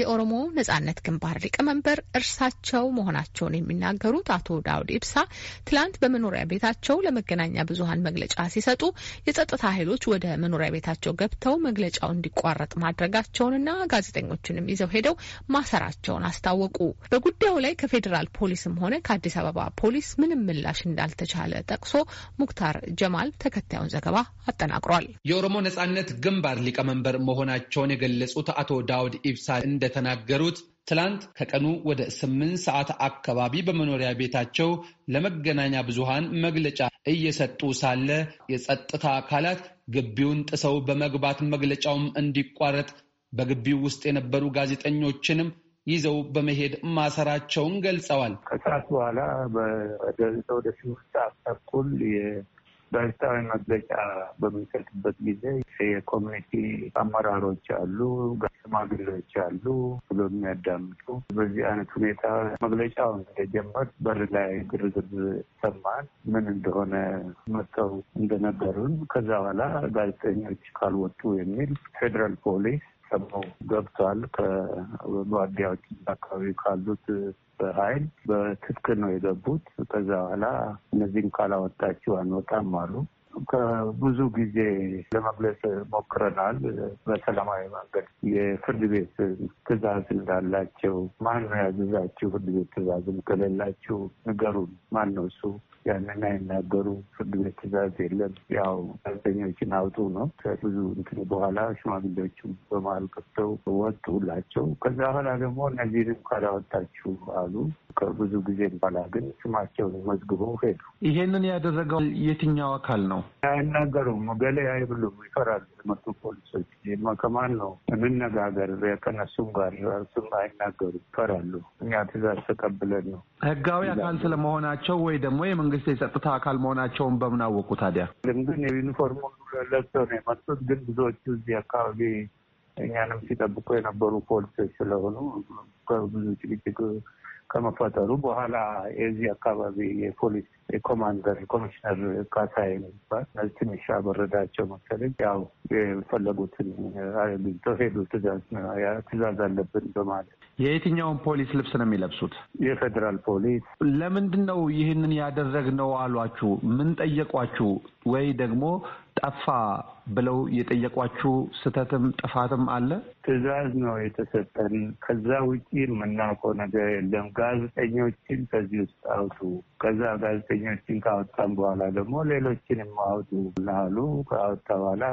የኦሮሞ ነጻነት ግንባር ሊቀመንበር እርሳቸው መሆናቸውን የሚናገሩት አቶ ዳውድ ኢብሳ ትላንት በመኖሪያ ቤታቸው ለመገናኛ ብዙኃን መግለጫ ሲሰጡ የጸጥታ ኃይሎች ወደ መኖሪያ ቤታቸው ገብተው መግለጫው እንዲቋረጥ ማድረጋቸውንና ጋዜጠኞችንም ይዘው ሄደው ማሰራቸውን አስታወቁ። በጉዳዩ ላይ ከፌዴራል ፖሊስም ሆነ ከአዲስ አበባ ፖሊስ ምንም ምላሽ እንዳልተቻለ ጠቅሶ ሙክታር ጀማል ተከታዩን ዘገባ አጠናቅሯል። የኦሮሞ ነጻነት ግንባር ሊቀመንበር መሆናቸውን የገለጹት አቶ ዳውድ ኢብሳ እንደተናገሩት ትላንት ከቀኑ ወደ ስምንት ሰዓት አካባቢ በመኖሪያ ቤታቸው ለመገናኛ ብዙሃን መግለጫ እየሰጡ ሳለ የጸጥታ አካላት ግቢውን ጥሰው በመግባት መግለጫውም እንዲቋረጥ በግቢው ውስጥ የነበሩ ጋዜጠኞችንም ይዘው በመሄድ ማሰራቸውን ገልጸዋል። ከሰዓት በኋላ ወደ ሶስት ሰዓት ተኩል ጋዜጣዊ መግለጫ በሚሰጥበት ጊዜ የኮሚኒቲ አመራሮች አሉ፣ ሽማግሌዎች አሉ ብሎ የሚያዳምጡ በዚህ አይነት ሁኔታ መግለጫውን እንደጀመር በር ላይ ግርግር ሰማን። ምን እንደሆነ መጥተው እንደነገሩን ከዛ በኋላ ጋዜጠኞች ካልወጡ የሚል ፌዴራል ፖሊስ ሰማው ገብቷል። ከዋዲያዎች አካባቢ ካሉት በኃይል በትክክል ነው የገቡት። ከዛ በኋላ እነዚህም ካላወጣችሁ አንወጣም አሉ። ከብዙ ጊዜ ለመግለጽ ሞክረናል። በሰላማዊ መንገድ የፍርድ ቤት ትዕዛዝ እንዳላቸው ማን ነው ያዘዛችሁ? ፍርድ ቤት ትዕዛዝም ከሌላችሁ ንገሩን። ማን ነው እሱ? ያንን አይናገሩ። ፍርድ ቤት ትዕዛዝ የለም። ያው ጋዜጠኞችን አውጡ ነው። ከብዙ እንትን በኋላ ሽማግሌዎቹም በመሀል ከፍተው ወጡላቸው። ከዛ በኋላ ደግሞ እነዚህንም ካላወጣችሁ አሉ። ከብዙ ጊዜ በኋላ ግን ስማቸውን መዝግበው ሄዱ። ይሄንን ያደረገው የትኛው አካል ነው? አይናገሩም። ገሌ አይብሉም፣ ይፈራሉ። የመጡ ፖሊሶች ከማን ነው የምነጋገር? ከነሱም ጋር ራሱም አይናገሩም፣ ይፈራሉ። እኛ ትእዛዝ ተቀብለን ነው። ህጋዊ አካል ስለመሆናቸው ወይ ደግሞ የመንግስት የጸጥታ አካል መሆናቸውን በምን አወቁ ታዲያ? ግን የዩኒፎርሙ ለብሰው ነው የመጡት። ግን ብዙዎቹ እዚህ አካባቢ እኛንም ሲጠብቁ የነበሩ ፖሊሶች ስለሆኑ ብዙ ጭቅጭቅ ከመፈጠሩ በኋላ የዚህ አካባቢ የፖሊስ የኮማንደር ኮሚሽነር ካሳ የሚባል ትንሽ አበረዳቸው መሰለኝ። ያው የፈለጉትን አግኝተው ሄዱ። ትእዛዝ አለብን በማለት የየትኛውን ፖሊስ ልብስ ነው የሚለብሱት? የፌዴራል ፖሊስ። ለምንድን ነው ይህንን ያደረግነው አሏችሁ? ምን ጠየቋችሁ? ወይ ደግሞ ጠፋ ብለው የጠየቋችሁ ስህተትም ጥፋትም አለ? ትዕዛዝ ነው የተሰጠን። ከዛ ውጭ የምናውቀው ነገር የለም። ጋዜጠኞችን ከዚህ ውስጥ አውጡ። ከዛ ጋዜጠኞችን ካወጣን በኋላ ደግሞ ሌሎችን አውጡ ናሉ። ከወጣ በኋላ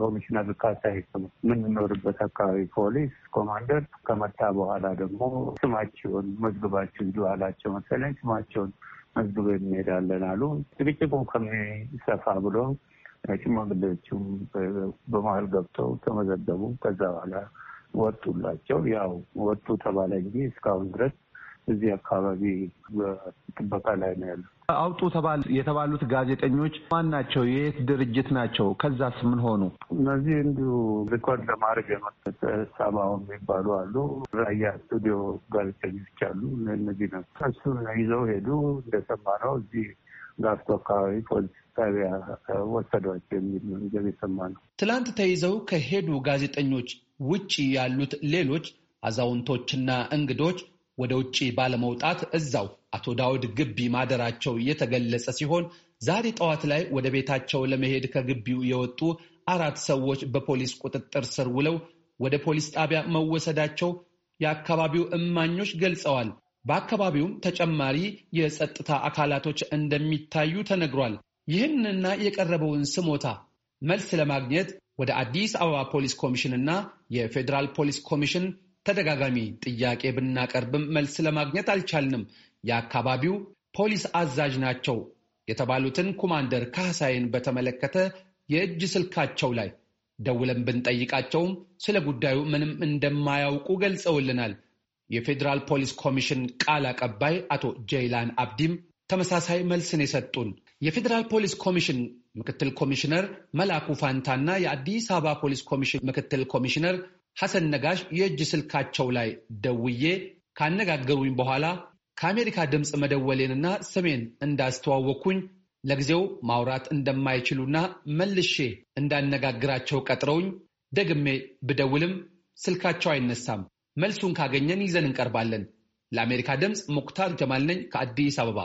ኮሚሽነር ካሳይ የምንኖርበት አካባቢ ፖሊስ ኮማንደር ከመታ በኋላ ደግሞ ስማቸውን መዝግባችሁ ሂዱ አላቸው መሰለኝ። ስማቸውን መዝግበን እንሄዳለን አሉ። ጭቅጭቁ ከሚሰፋ ብሎ ሽማግሌዎቹም በመሀል ገብተው ተመዘገቡ። ከዛ በኋላ ወጡላቸው። ያው ወጡ ተባለ እንጂ እስካሁን ድረስ እዚህ አካባቢ ጥበቃ ላይ ነው ያሉ። አውጡ የተባሉት ጋዜጠኞች ማን ናቸው? የየት ድርጅት ናቸው? ከዛስ ምን ሆኑ? እነዚህ እንዲሁ ሪኮርድ ለማድረግ የመጠጠ ሰባው የሚባሉ አሉ። ራያ ስቱዲዮ ጋዜጠኞች አሉ። እነዚህ ነው። እሱን ይዘው ሄዱ። እንደሰማ ነው እዚህ ጋብቶ አካባቢ ፖሊስ ጣቢያ ወሰዷቸው የሚል ነው የሰማ ነው። ትላንት ተይዘው ከሄዱ ጋዜጠኞች ውጭ ያሉት ሌሎች አዛውንቶችና እንግዶች ወደ ውጭ ባለመውጣት እዛው አቶ ዳውድ ግቢ ማደራቸው የተገለጸ ሲሆን ዛሬ ጠዋት ላይ ወደ ቤታቸው ለመሄድ ከግቢው የወጡ አራት ሰዎች በፖሊስ ቁጥጥር ስር ውለው ወደ ፖሊስ ጣቢያ መወሰዳቸው የአካባቢው እማኞች ገልጸዋል። በአካባቢውም ተጨማሪ የጸጥታ አካላቶች እንደሚታዩ ተነግሯል። ይህንና የቀረበውን ስሞታ መልስ ለማግኘት ወደ አዲስ አበባ ፖሊስ ኮሚሽን እና የፌዴራል ፖሊስ ኮሚሽን ተደጋጋሚ ጥያቄ ብናቀርብም መልስ ለማግኘት አልቻልንም። የአካባቢው ፖሊስ አዛዥ ናቸው የተባሉትን ኮማንደር ካህሳይን በተመለከተ የእጅ ስልካቸው ላይ ደውለን ብንጠይቃቸውም ስለ ጉዳዩ ምንም እንደማያውቁ ገልጸውልናል። የፌዴራል ፖሊስ ኮሚሽን ቃል አቀባይ አቶ ጀይላን አብዲም ተመሳሳይ መልስን የሰጡን የፌዴራል ፖሊስ ኮሚሽን ምክትል ኮሚሽነር መላኩ ፋንታና የአዲስ አበባ ፖሊስ ኮሚሽን ምክትል ኮሚሽነር ሐሰን ነጋሽ የእጅ ስልካቸው ላይ ደውዬ ካነጋገሩኝ በኋላ ከአሜሪካ ድምፅ መደወሌንና ስሜን እንዳስተዋወቅኩኝ ለጊዜው ማውራት እንደማይችሉና መልሼ እንዳነጋግራቸው ቀጥረውኝ ደግሜ ብደውልም ስልካቸው አይነሳም። መልሱን ካገኘን ይዘን እንቀርባለን። ለአሜሪካ ድምፅ ሙክታር ጀማል ነኝ ከአዲስ አበባ።